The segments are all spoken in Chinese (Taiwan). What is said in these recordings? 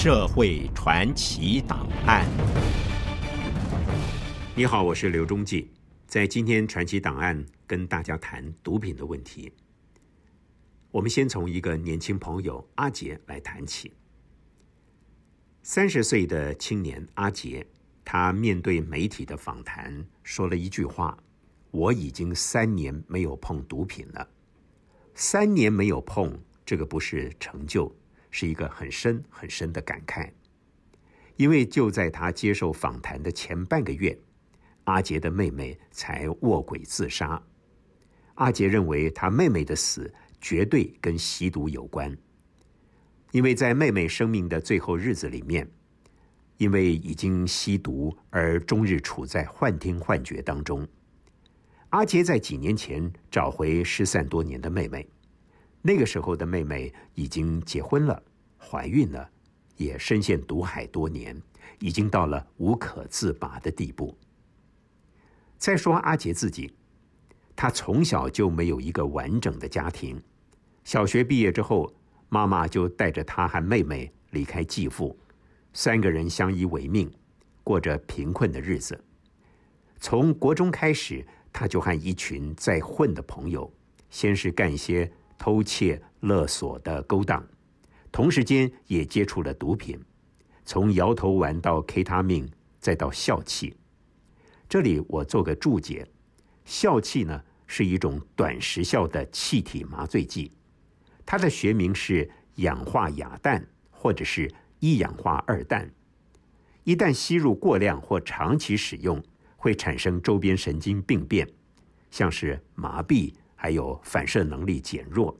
社會傳奇檔案。你好，我是劉忠記，在今天傳奇檔案跟大家談毒品的問題。我們先從一個年輕朋友阿杰來談起。三十歲的青年阿杰，他面對媒體的訪談說了一句話：“我已經三年沒有碰毒品了。”三年沒有碰，這個不是成就。是一個很深很深的感慨，因為就在他接受訪談的前半個月，阿杰的妹妹才臥軌自殺。阿杰認為他妹妹的死絕對跟吸毒有關，因為在妹妹生命的最後日子裡面，因為已經吸毒而終日處在幻聽幻覺當中。阿杰在幾年前找回失散多年的妹妹。那個時候的妹妹已經結婚了，懷孕了，也深陷毒海多年，已經到了無可自拔的地步。再說阿杰自己，他從小就沒有一個完整的家庭，小學畢業之後，媽媽就帶着他和妹妹離開繼父，三個人相依為命，過着貧困的日子。從國中開始，他就和一群在混的朋友，先是幹一些，偷竊勒索的勾當，同時間也接觸了毒品，從搖頭丸到 K 他命，再到笑氣。這裡我做個註解，笑氣呢是一種短時效的氣體麻醉劑，它的學名是氧化亞氮或者是一氧化二氮。一旦吸入過量或長期使用，會產生周邊神經病變，像是麻痹。還有反射能力減弱，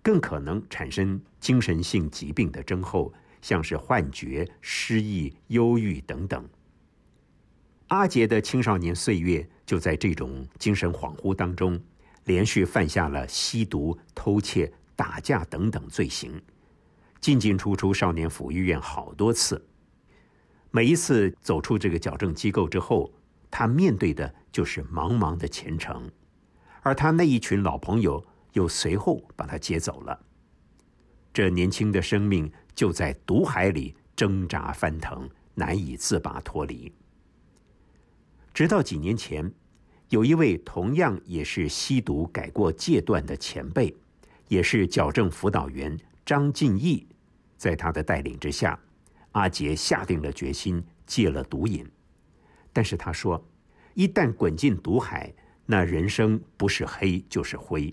更可能產生精神性疾病的症候，像是幻覺、失憶、憂鬱等等。阿杰的青少年歲月就在這種精神恍惚當中，連續犯下了吸毒、偷竊、打架等等罪行，進進出出少年輔育院好多次。每一次走出這個矯正機構之後，他面對的就是茫茫的前程。而他那一群老朋友又隨後把他接走了，這年輕的生命就在毒海裡掙扎翻騰，難以自拔脫離。直到幾年前，有一位同樣也是吸毒改過戒斷的前輩，也是矯正輔導員張進義，在他的帶領之下，阿杰下定了決心戒了毒癮。但是他說，一旦滾進毒海，那人生不是黑就是灰，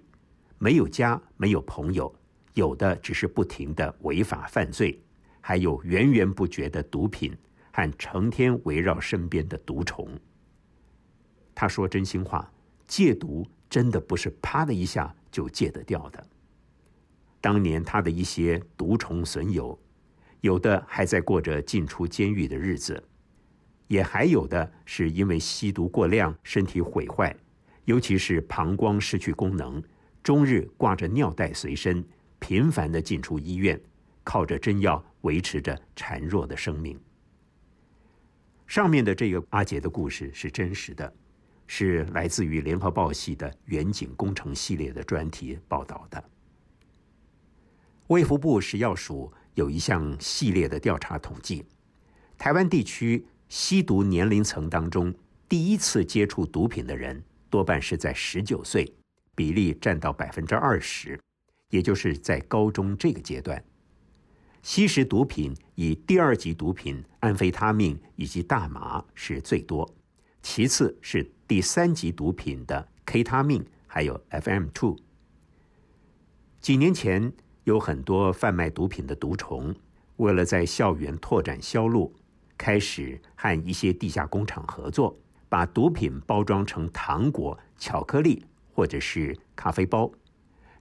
沒有家，沒有朋友，有的只是不停的違法犯罪，還有源源不絕的毒品和成天圍繞身邊的毒蟲。他說真心話，戒毒真的不是啪的一下就戒得掉的。當年他的一些毒蟲損友，有的還在過着進出監獄的日子，也還有的是因為吸毒過量，身體毀壞。尤其是膀胱失去功能，終日掛着尿袋隨身，頻繁地進出醫院，靠着針藥維持着孱弱的生命。上面的這個阿杰的故事是真實的，是來自於《聯合報》系的遠景工程系列的專題報道的。衛福部食藥署有一項系列的調查統計，台灣地區吸毒年齡層當中，第一次接觸毒品的人。多半是在十九歲，比例占到百分之二十，也就是在高中這個階段，吸食毒品以第二級毒品安非他命以及大麻是最多，其次是第三級毒品的 K 他命還有 FM2。幾年前，有很多販賣毒品的毒蟲，為了在校園拓展銷路，開始和一些地下工廠合作。把毒品包裝成糖果、巧克力、或者是咖啡包，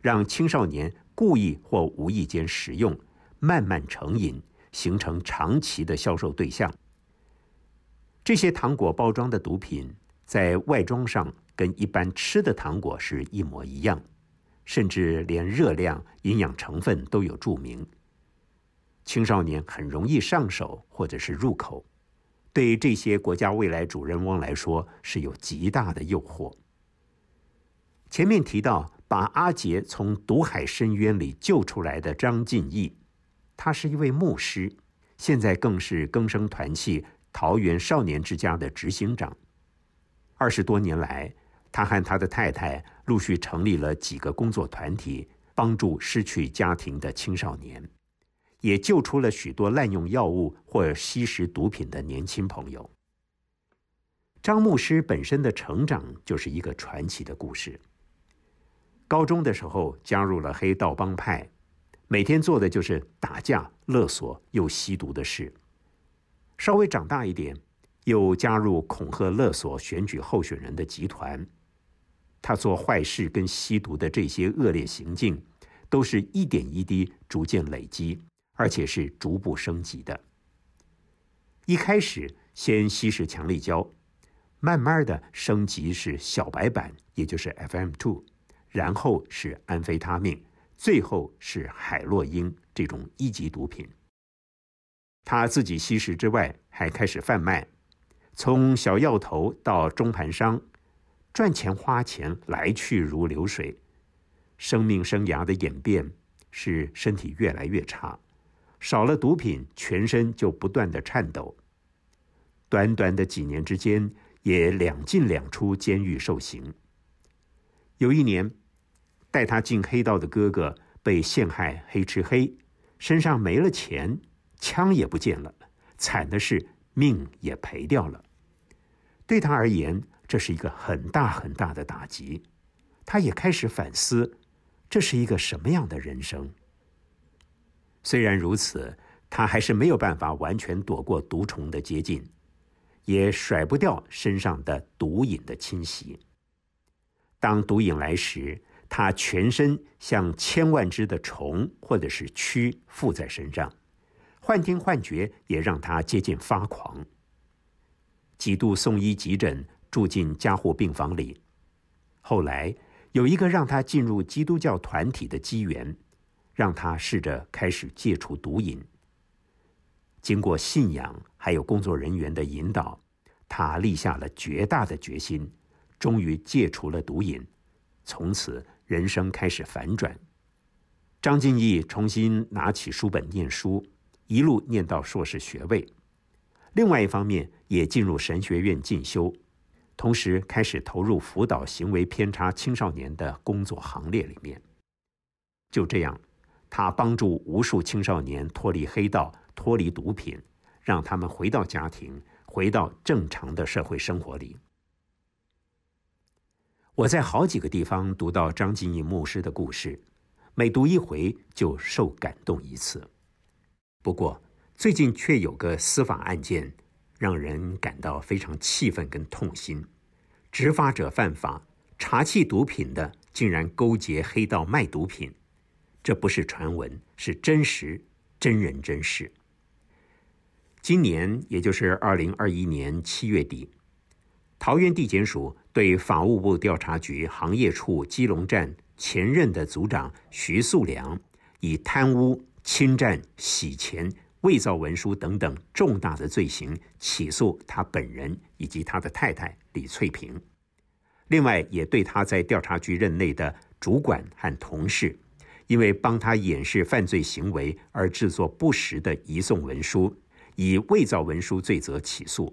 讓青少年故意或無意間食用，慢慢成癮，形成長期的銷售對象。這些糖果包裝的毒品在外裝上跟一般吃的糖果是一模一樣，甚至連熱量、營養成分都有注明。青少年很容易上手或者是入口。對這些國家未來主人翁來說，是有極大的誘惑。前面提到，把阿杰從毒海深淵裡救出來的張進益，他是一位牧師，現在更是更生團契桃園少年之家的執行長。二十多年來，他和他的太太陸續成立了幾個工作團體，幫助失去家庭的青少年。也救出了許多濫用藥物或吸食毒品的年輕朋友。張牧師本身的成長就是一個傳奇的故事。高中的時候加入了黑道幫派，每天做的就是打架、勒索又吸毒的事。稍微長大一點，又加入恐嚇勒索選舉候選人的集團。他做壞事跟吸毒的這些惡劣行徑，都是一點一滴逐漸累積。而且是逐步升級的。一開始先吸食強力膠，慢慢的升級是小白板，也就是 FM2，然後是安非他命，最後是海洛因這種一級毒品。他自己吸食之外，還開始販賣，從小藥頭到中盤商，賺錢花錢來去如流水。生命生涯的演變是身體越來越差。少了毒品，全身就不斷的顫抖。短短的幾年之間，也兩進兩出監獄受刑。有一年，帶他進黑道的哥哥被陷害，黑吃黑，身上沒了錢，槍也不見了，慘的是命也賠掉了。對他而言，這是一個很大很大的打擊。他也開始反思，這是一個什麼樣的人生？雖然如此，他還是沒有辦法完全躲過毒蟲的接近，也甩不掉身上的毒癮的侵襲。當毒癮來時，他全身像千萬只的蟲或者是蛆附在身上，幻聽幻覺也讓他接近發狂，幾度送醫急診，住進加護病房裡。後來有一個讓他進入基督教團體的機緣。讓他試着開始戒除毒癮。經過信仰還有工作人員的引導，他立下了絕大的決心，終於戒除了毒癮。從此，人生開始反轉。張敬義重新拿起書本念書，一路念到碩士學位。另外一方面，也進入神學院進修，同時開始投入輔導行為偏差青少年的工作行列裡面。就這樣。他幫助無數青少年脫離黑道，脫離毒品，讓他們回到家庭，回到正常的社會生活裡。我在好幾個地方讀到張進益牧師的故事，每讀一回就受感動一次。不過，最近卻有個司法案件，讓人感到非常氣憤跟痛心：執法者犯法，查緝毒品的竟然勾結黑道賣毒品。這不是傳聞，是真實、真人真事。今年，也就是二零二一年七月底，桃園地檢署對法務部調查局行業處基隆站前任的組長徐宿良，以貪污、侵占、洗錢、偽造文書等等重大的罪行起訴他本人以及他的太太李翠萍。另外，也對他在調查局任內的主管和同事。因為幫他掩飾犯罪行為而制作不實的移送文書，以偽造文書罪責起訴。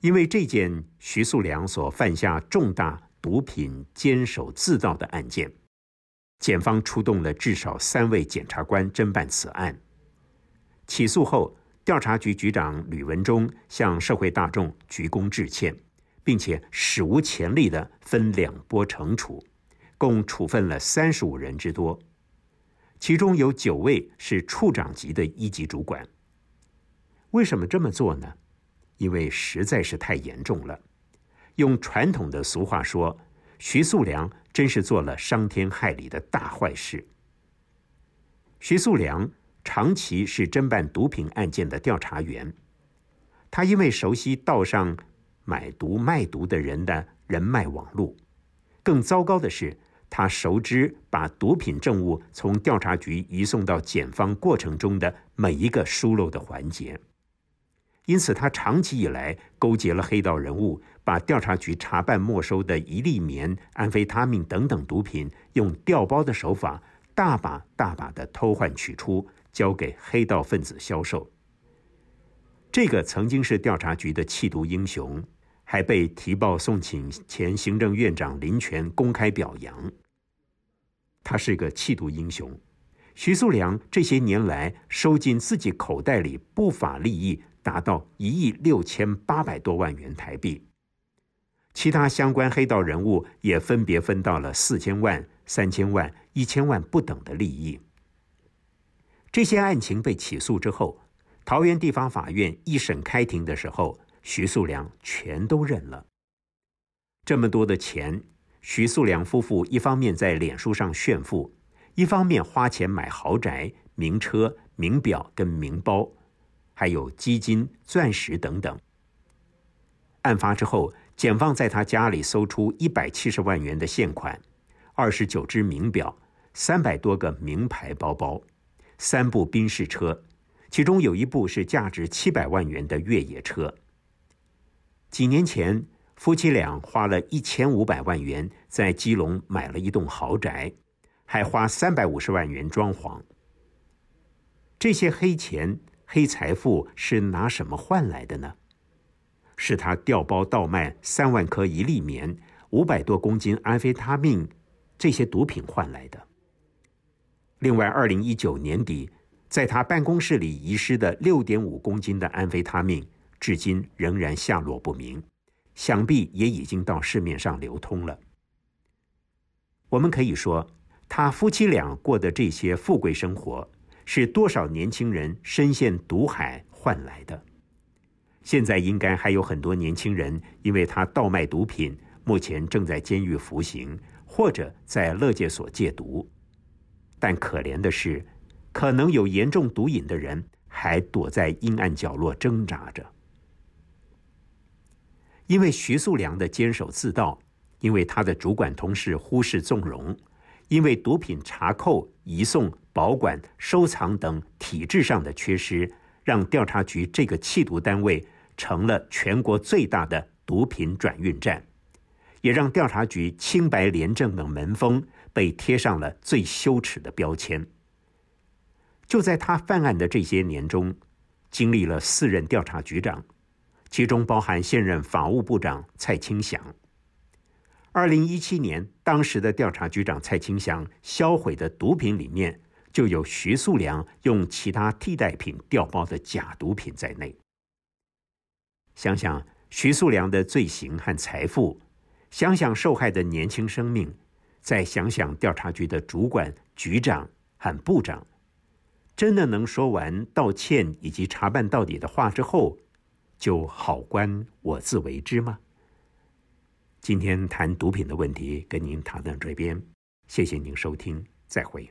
因為這件徐宿良所犯下重大毒品監守自盜的案件，檢方出動了至少三位檢察官偵辦此案。起訴後，調查局局長呂文忠向社會大眾鞠躬致歉，並且史無前例地分兩波懲處。共處分了三十五人之多，其中有九位是處長級的一級主管。為什麼這麼做呢？因為實在是太嚴重了。用傳統的俗話說，徐宿良真是做了傷天害理的大壞事。徐宿良長期是偵辦毒品案件的調查員，他因為熟悉道上買毒賣毒的人的人脈網路，更糟糕的是。他熟知把毒品證物從調查局移送到檢方過程中的每一個疏漏的環節，因此他長期以來勾結了黑道人物，把調查局查辦沒收的一粒眠、安非他命等等毒品，用調包的手法大把大把的偷換取出，交給黑道分子銷售。這個曾經是調查局的緝毒英雄，還被提報送請前行政院長林全公開表揚。他是一個緝毒英雄。徐宿良這些年來收進自己口袋裡不法利益達到一億六千八百多萬元台幣，其他相關黑道人物也分別分到了四千萬、三千萬、一千萬不等的利益。這些案情被起訴之後，桃園地方法院一審開庭的時候，徐宿良全都認了。這麼多的錢，徐宿良夫婦一方面在臉書上炫富，一方面花錢買豪宅、名車、名錶跟名包，還有基金、鑽石等等。案發之後，檢方在他家裡搜出一百七十萬元的現款，二十九隻名錶，三百多個名牌包包，三部賓士車，其中有一部是價值七百萬元的越野車。幾年前，夫妻倆花了一千五百萬元在基隆買了一棟豪宅，還花三百五十萬元裝潢。這些黑錢、黑財富是拿什麼換來的呢？是他調包盜賣三萬顆一粒眠、五百多公斤安非他命這些毒品換來的。另外，二零一九年底，在他辦公室裡遺失的六點五公斤的安非他命，至今仍然下落不明，想必也已經到市面上流通了。我們可以說，他夫妻倆過的這些富貴生活，是多少年輕人深陷毒海換來的。現在應該還有很多年輕人，因為他盜賣毒品，目前正在監獄服刑或者在勒戒所戒毒。但可憐的是，可能有嚴重毒癮的人，還躲在陰暗角落掙扎着。因為徐宿良的監守自盜，因為他的主管同事忽視縱容，因為毒品查扣、移送、保管、收藏等體制上的缺失，讓調查局這個緝毒單位成了全國最大的毒品轉運站，也讓調查局清白廉政的門風被貼上了最羞恥的標籤。就在他犯案的這些年中，經歷了四任調查局長。其中包含現任法務部長蔡清祥。二零一七年，當時的調查局長蔡清祥銷毀的毒品裡面，就有徐宿良用其他替代品調包的假毒品在內。想想徐宿良的罪行和財富，想想受害的年輕生命，再想想調查局的主管、局長和部長，真的能說完道歉以及查辦到底的話之後，就好官我自為之嗎？今天談毒品的問題，跟您談到這邊。謝謝您收聽，再會。